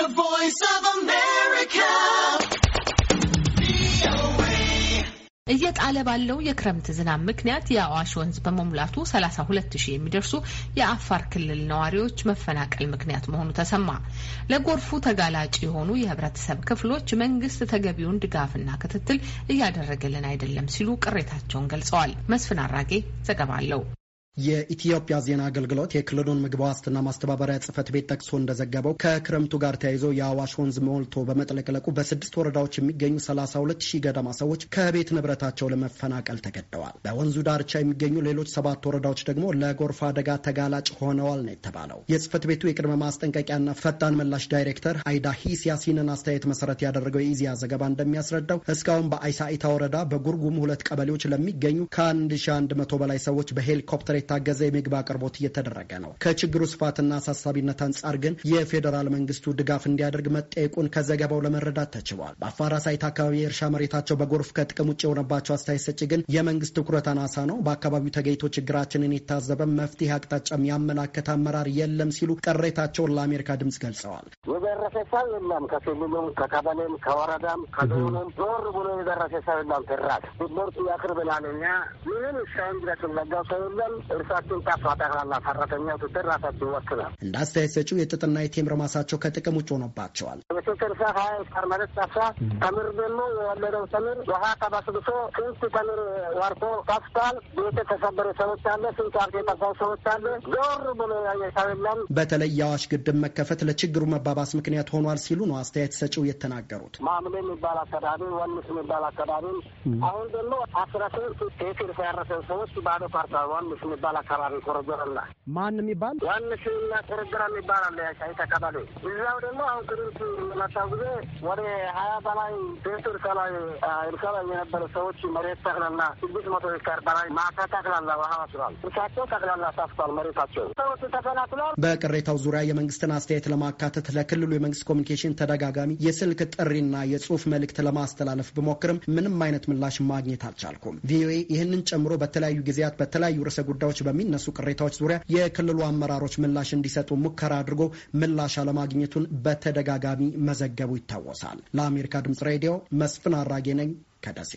The Voice of America. እየጣለ ባለው የክረምት ዝናብ ምክንያት የአዋሽ ወንዝ በመሙላቱ 32 ሺህ የሚደርሱ የአፋር ክልል ነዋሪዎች መፈናቀል ምክንያት መሆኑ ተሰማ። ለጎርፉ ተጋላጭ የሆኑ የህብረተሰብ ክፍሎች መንግስት ተገቢውን ድጋፍና ክትትል እያደረገልን አይደለም ሲሉ ቅሬታቸውን ገልጸዋል። መስፍን አራጌ ዘገባ አለው። የኢትዮጵያ ዜና አገልግሎት የክልሉን ምግብ ዋስትና ማስተባበሪያ ጽህፈት ቤት ጠቅሶ እንደዘገበው ከክረምቱ ጋር ተያይዞ የአዋሽ ወንዝ ሞልቶ በመጥለቅለቁ በስድስት ወረዳዎች የሚገኙ 32 ሺህ ገደማ ሰዎች ከቤት ንብረታቸው ለመፈናቀል ተገደዋል። በወንዙ ዳርቻ የሚገኙ ሌሎች ሰባት ወረዳዎች ደግሞ ለጎርፍ አደጋ ተጋላጭ ሆነዋል ነው የተባለው። የጽሕፈት ቤቱ የቅድመ ማስጠንቀቂያና ፈጣን ምላሽ ዳይሬክተር አይዳ ሂስ ያሲንን አስተያየት መሰረት ያደረገው የኢዜአ ዘገባ እንደሚያስረዳው እስካሁን በአይሳኢታ ወረዳ በጉርጉም ሁለት ቀበሌዎች ለሚገኙ ከ1100 በላይ ሰዎች በሄሊኮፕተር የታገዘ የምግብ አቅርቦት እየተደረገ ነው። ከችግሩ ስፋትና አሳሳቢነት አንጻር ግን የፌዴራል መንግስቱ ድጋፍ እንዲያደርግ መጠየቁን ከዘገባው ለመረዳት ተችሏል። በአፋራ ሳይት አካባቢ የእርሻ መሬታቸው በጎርፍ ከጥቅም ውጭ የሆነባቸው አስተያየት ሰጪ ግን የመንግስት ትኩረት አናሳ ነው፣ በአካባቢው ተገኝቶ ችግራችንን የታዘበ መፍትሄ አቅጣጫም ያመላከተ አመራር የለም ሲሉ ቅሬታቸውን ለአሜሪካ ድምጽ ገልጸዋል። የደረሰ ሰው የለም። ከክልሉም ከቀበሌም ከወረዳም ከዞንም ዞር ብሎ የደረሰ ሰው የለም። ትራት ምርቱ ያቅርብናል እኛ ምንም እስካሁን ድረስ ሰው የለም። እርሳቸውን ጣፋ ጠቅላላ ሰራተኛ ትስር ራሳቸው ይወክላል። እንደ አስተያየት ሰጪው የጥጥና የቴምር ማሳቸው ከጥቅም ውጭ ሆኖባቸዋል። በስንት እርሻ ሀያ ሄክታር መሬት ጠፋ። ተምር ደግሞ የወለደው ተምር ውሃ ተበስብሶ ስንት ተምር ወርቶ ጠፍቷል። ቤት የተሰበረ ሰዎች አለ፣ ስንት አርቴ የጠፋው ሰዎች አለ። ዞር ብሎ ያየ በተለይ የአዋሽ ግድብ መከፈት ለችግሩ መባባስ ምክንያት ሆኗል ሲሉ ነው አስተያየት ሰጪው የተናገሩት። ማምሌ የሚባል አካባቢ ወንስ የሚባል አካባቢ አሁን ደግሞ አስራ ስምንት ቴክር ያረሰ ሰዎች ባዶ ፓርታ ዋንስ የሚባል አካባቢ ኮረጎረላ ማን የሚባል ዋንስ እና ኮረጎራ የሚባል አለ። ሻይት አካባቢ እዛው ደግሞ አሁን ትርንት የመጣው ጊዜ ወደ ሀያ በላይ ቤት እርሻ ላይ የነበረ ሰዎች መሬት ጠቅላላ ስድስት መቶ ሄክታር በላይ ማካ ጠቅላላ ውሃዋስሏል። እርሳቸው ጠቅላላ ሳፍቷል መሬታቸው ሰዎች ተፈናቅሏል። በቅሬታው ዙሪያ የመንግስትን አስተያየት ለማካተት ለክልሉ የመንግስት ኮሚኒኬሽን ተደጋጋሚ የስልክ ጥሪና የጽሁፍ መልእክት ለማስተላለፍ ብሞክርም ምንም አይነት ምላሽ ማግኘት አልቻልኩም። ቪኦኤ ይህንን ጨምሮ በተለያዩ ጊዜያት በተለያዩ ርዕሰ ጉዳዮች መናገሻዎች በሚነሱ ቅሬታዎች ዙሪያ የክልሉ አመራሮች ምላሽ እንዲሰጡ ሙከራ አድርጎ ምላሽ አለማግኘቱን በተደጋጋሚ መዘገቡ ይታወሳል። ለአሜሪካ ድምጽ ሬዲዮ መስፍን አራጌ ነኝ ከደሴ